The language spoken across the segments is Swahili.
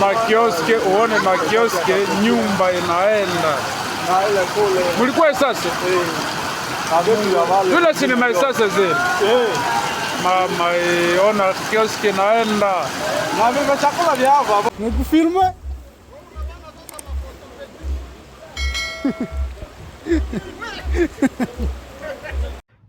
makioske, uone makioske, nyumba inaenda mulikuwa esase vile sinema zile mama ona kioski naenda naviva chakula vyava nikufilme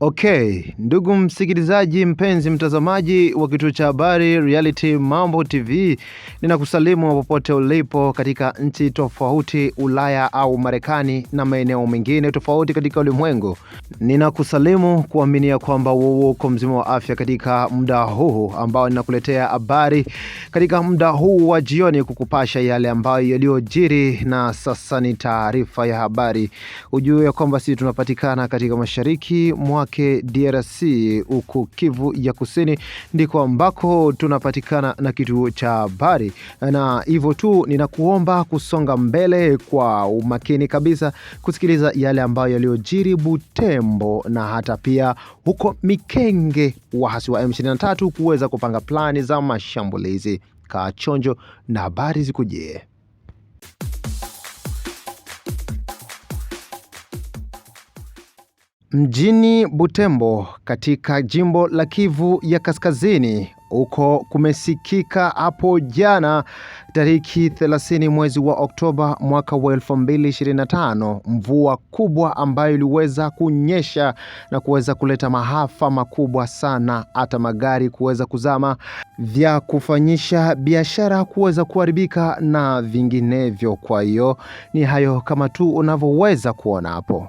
Okay, ndugu msikilizaji, mpenzi mtazamaji wa kituo cha habari Reality Mambo TV, ninakusalimu popote ulipo katika nchi tofauti Ulaya au Marekani na maeneo mengine tofauti katika ulimwengu. Ninakusalimu kuaminia kwamba uko mzima wa afya katika muda huu ambao ninakuletea habari katika muda huu wa jioni, kukupasha yale ambayo yaliyojiri. Na sasa ni taarifa ya habari, ujue kwamba sisi tunapatikana katika mashariki mwa wake DRC huko Kivu ya Kusini, ndiko ambako tunapatikana na kituo cha habari, na hivyo tu ninakuomba kusonga mbele kwa umakini kabisa kusikiliza yale ambayo yaliyojiri Butembo na hata pia huko Mikenge, waasi wa M23 kuweza kupanga plani za mashambulizi. Kaa chonjo na habari zikujie. Mjini Butembo katika jimbo la Kivu ya Kaskazini, huko kumesikika hapo jana tariki 30 mwezi wa Oktoba mwaka wa 2025 mvua kubwa ambayo iliweza kunyesha na kuweza kuleta maafa makubwa sana, hata magari kuweza kuzama, vya kufanyisha biashara kuweza kuharibika na vinginevyo. Kwa hiyo ni hayo kama tu unavyoweza kuona hapo.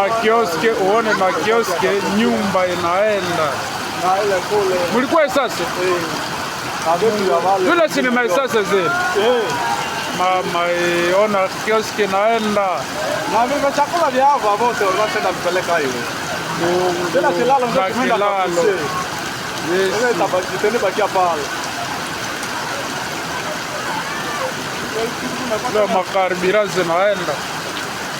makioski, uone makioski, nyumba inaenda mulikuwa isasa tule sinema isasa zile mama iona kioski naenda na mimi chakula vya hapa vote wanasema kupeleka hiyo tena kilalo ndio kwenda kabisa yes tena tabaki tena baki hapa Leo makaribira zinaenda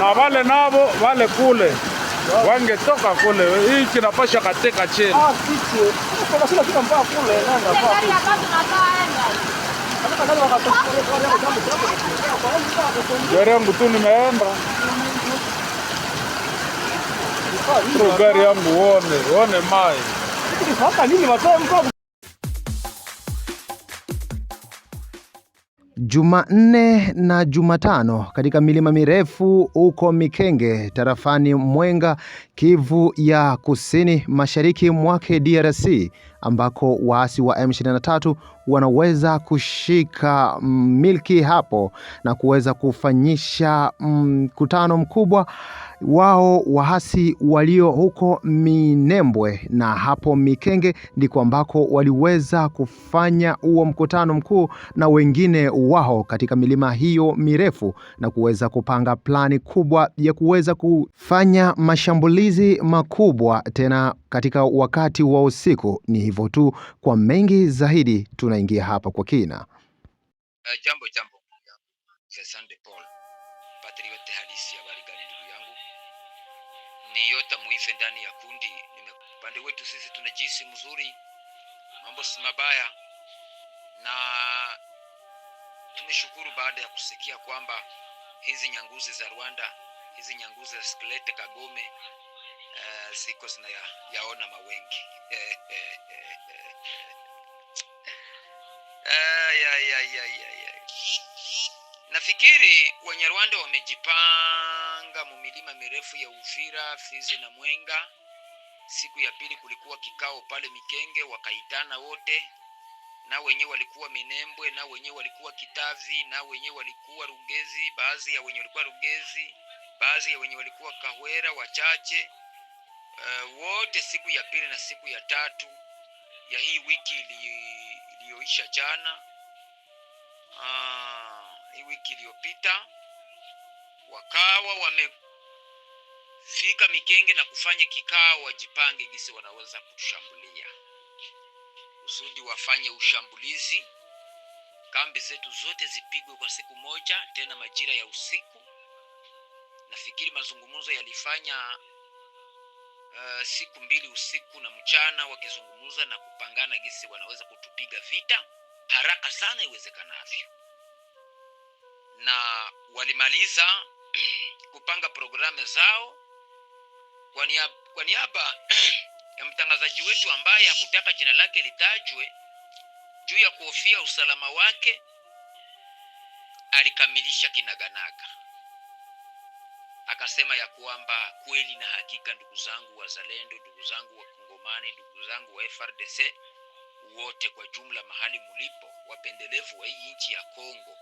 na vale navo vale kule wangetoka kule, hii kinapasha kateka chini gari yangu tu nimeenda gari yangu, uone uone mai Jumanne na Jumatano katika milima mirefu huko Mikenge tarafani Mwenga, Kivu ya Kusini Mashariki mwake DRC ambako waasi wa M23 wanaweza kushika milki hapo na kuweza kufanyisha mm, mkutano mkubwa wao waasi walio huko Minembwe na hapo Mikenge ndiko ambako waliweza kufanya huo mkutano mkuu na wengine wao katika milima hiyo mirefu na kuweza kupanga plani kubwa ya kuweza kufanya mashambulizi makubwa tena katika wakati wa usiku. Ni hivyo tu, kwa mengi zaidi tunaingia hapa kwa kina. Uh, jambo jambo, asante halisi ni yota muive ndani ya kundi. Upande wetu sisi tunajisi mzuri, mambo si mabaya, na tumeshukuru baada ya kusikia kwamba hizi nyanguzi za Rwanda, hizi nyanguzi za Skelete Kagome uh, eh, siko zina ya, yaona mawengi ay, ay, ay, ay, Nafikiri Wanyarwanda wamejipanga Muranga mu milima mirefu ya Uvira, Fizi na Mwenga. Siku ya pili kulikuwa kikao pale Mikenge, wakaitana wote na wenyewe walikuwa Minembwe, na wenyewe walikuwa Kitavi, na wenyewe walikuwa Rugezi, baadhi ya wenye walikuwa Rugezi, baadhi ya wenye walikuwa Kahwera wachache. Uh, wote siku ya pili na siku ya tatu ya hii wiki iliyoisha jana, uh, hii wiki iliyopita wakawa wamefika Mikenge na kufanya kikao, wajipange gisi wanaweza kutushambulia, kusudi wafanye ushambulizi, kambi zetu zote zipigwe kwa siku moja, tena majira ya usiku. Nafikiri mazungumzo yalifanya uh, siku mbili usiku na mchana, wakizungumza na kupangana gisi wanaweza kutupiga vita haraka sana iwezekanavyo, na walimaliza kupanga programu zao kwa niaba, ya mtangazaji wetu ambaye hakutaka jina lake litajwe juu ya kuhofia usalama wake, alikamilisha kinaganaga akasema ya kwamba kweli na hakika, ndugu zangu wazalendo, ndugu zangu wakongomani, ndugu zangu wa FRDC wote kwa jumla, mahali mulipo, wapendelevu wa hii nchi ya Kongo,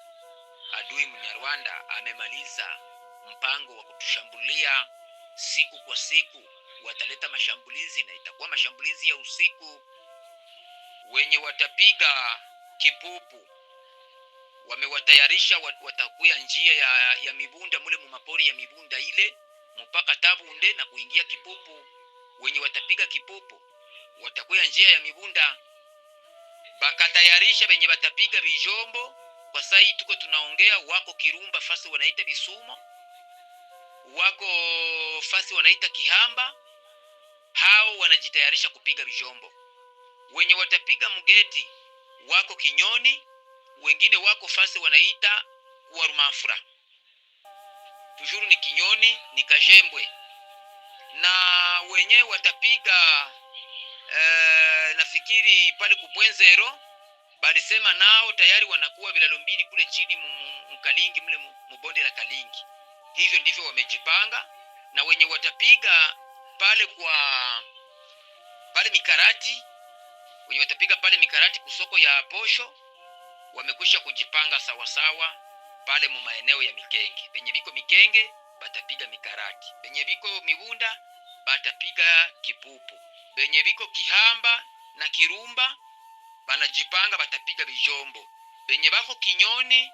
adui mnyarwanda amemaliza mpango wa kutushambulia siku kwa siku. Wataleta mashambulizi na itakuwa mashambulizi ya usiku, wenye watapiga kipupu wamewatayarisha watakuya njia ya, ya mibunda mule mumapori ya mibunda ile mpaka Tabunde na kuingia Kipupu. Wenye watapiga Kipupu watakuya njia ya mibunda, bakatayarisha wenye watapiga Bijombo. Kwa sai tuko tunaongea, wako Kirumba fasi wanaita Bisumo wako fasi wanaita Kihamba, hao wanajitayarisha kupiga vijombo. Wenye watapiga mgeti wako Kinyoni, wengine wako fasi wanaita rumafura tujuru ni Kinyoni ni Kajembwe, na wenye watapiga e, nafikiri pale Kupwenzero balisema nao tayari wanakuwa vilalo mbili kule chini mkalingi mle mbonde la Kalingi. Hivyo ndivyo wamejipanga, na wenye watapiga pale kwa pale mikarati, wenye watapiga pale mikarati kusoko ya posho wamekwisha kujipanga sawasawa pale mu maeneo ya Mikenge. Penye biko Mikenge batapiga mikarati, penye biko Mibunda batapiga kipupu, penye biko Kihamba na Kirumba banajipanga batapiga bijombo, penye bako Kinyoni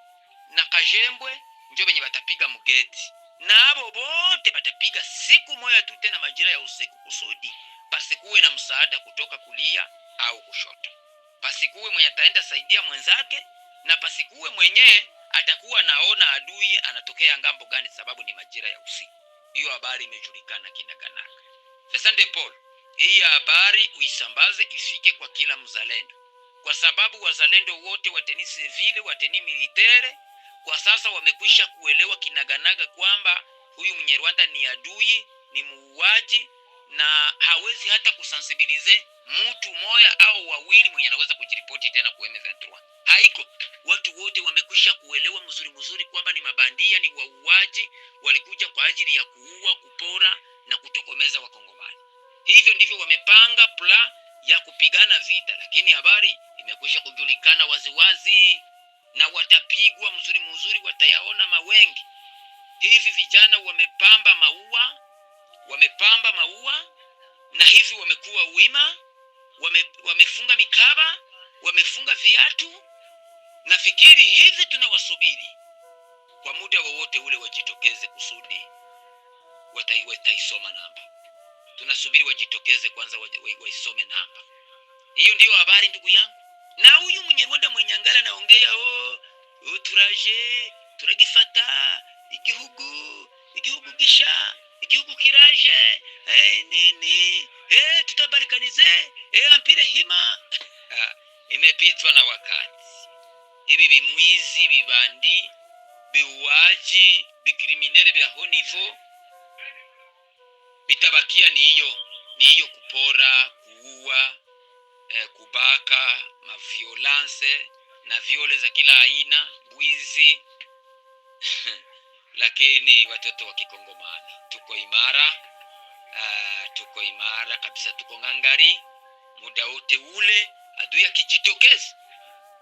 na Kajembwe njo venye watapiga mgeti na abo bote batapiga siku moya tu, tena majira ya usiku, kusudi pasikuwe na msaada kutoka kulia au kushoto, pasikuwe mwenye ataenda saidia mwenzake na pasikuwe mwenye atakuwa naona adui anatokea ngambo gani, sababu ni majira ya usiku. Hiyo habari imejulikana kinakanaka. Fesande Paul, hii habari uisambaze ifike kwa kila mzalendo, kwa sababu wazalendo wote wateni sivile, wateni militere kwa sasa wamekwisha kuelewa kinaganaga kwamba huyu Mnyarwanda ni adui, ni muuaji na hawezi hata kusensibilize mtu moya au wawili mwenye anaweza kujiripoti tena kwa M23. Haiko, watu wote wamekwisha kuelewa mzuri mzuri kwamba ni mabandia, ni wauaji, walikuja kwa ajili ya kuua, kupora na kutokomeza Wakongomani. Hivyo ndivyo wamepanga pla ya kupigana vita, lakini habari imekwisha kujulikana waziwazi na watapigwa mzuri mzuri, watayaona mawengi. Hivi vijana wamepamba maua, wamepamba maua na hivi wamekuwa wima, wame, wamefunga mikaba, wamefunga viatu. Nafikiri hivi tunawasubiri kwa muda wowote ule wajitokeze, kusudi wataisoma namba. Tunasubiri wajitokeze kwanza, waisome namba. Hiyo ndiyo habari, ndugu yangu na huyu munyarwanda mwenyangala naongeyaho oh, oh, turaje turagifata igihugu igihugu gisha igihugu kiraje hey, eh, nini hey, eh, tutabarikanize hey, eh, ampire hima imepitwa na wakati. Hivi bimwizi bibandi biwaji bikriminele bya honivo bitabakia ni niyo ni hiyo kupora kuua eh, kubaka, maviolanse na viole za kila aina, bwizi lakini watoto wa Kikongomani tuko imara, uh, tuko imara kabisa, tuko ngangari muda wote ule. Adui akijitokeza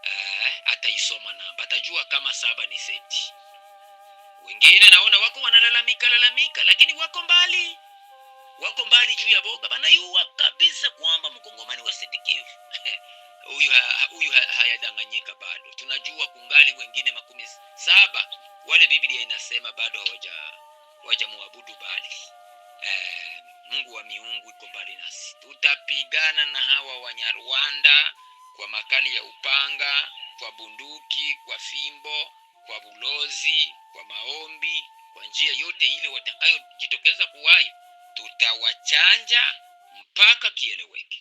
uh, ataisoma namba, atajua kama saba ni seti. Wengine naona wako wanalalamika lalamika, lakini wako mbali wako mbali juu ya boga, yua kabisa kwamba mkongomani wa sidikivu huyu huyu hayadanganyika ha, bado tunajua kungali wengine makumi saba wale Biblia inasema bado hawaja wajamuabudu bali eh, Mungu wa miungu iko mbali nasi. Tutapigana na hawa Wanyarwanda kwa makali ya upanga, kwa bunduki, kwa fimbo, kwa bulozi, kwa maombi, kwa njia yote ile watakayojitokeza kuwai tutawachanja mpaka kieleweke.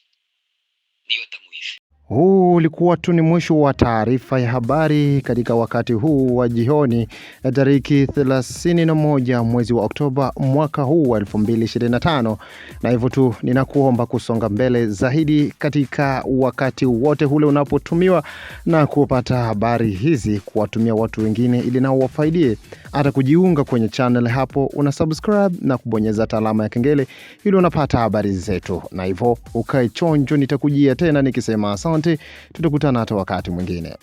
Ndiyo tamuifi. Huu ulikuwa tu ni mwisho wa taarifa ya habari katika wakati huu wa jioni ya tariki 31 mwezi wa Oktoba mwaka huu wa 2025, na hivyo tu ninakuomba kusonga mbele zaidi katika wakati wote ule unapotumiwa na kupata habari hizi, kuwatumia watu wengine ili nao wafaidie hata kujiunga kwenye channel hapo, una subscribe na kubonyeza alama ya kengele ili unapata habari zetu, na hivyo ukae chonjo. Nitakujia tena nikisema asante, tutakutana hata wakati mwingine.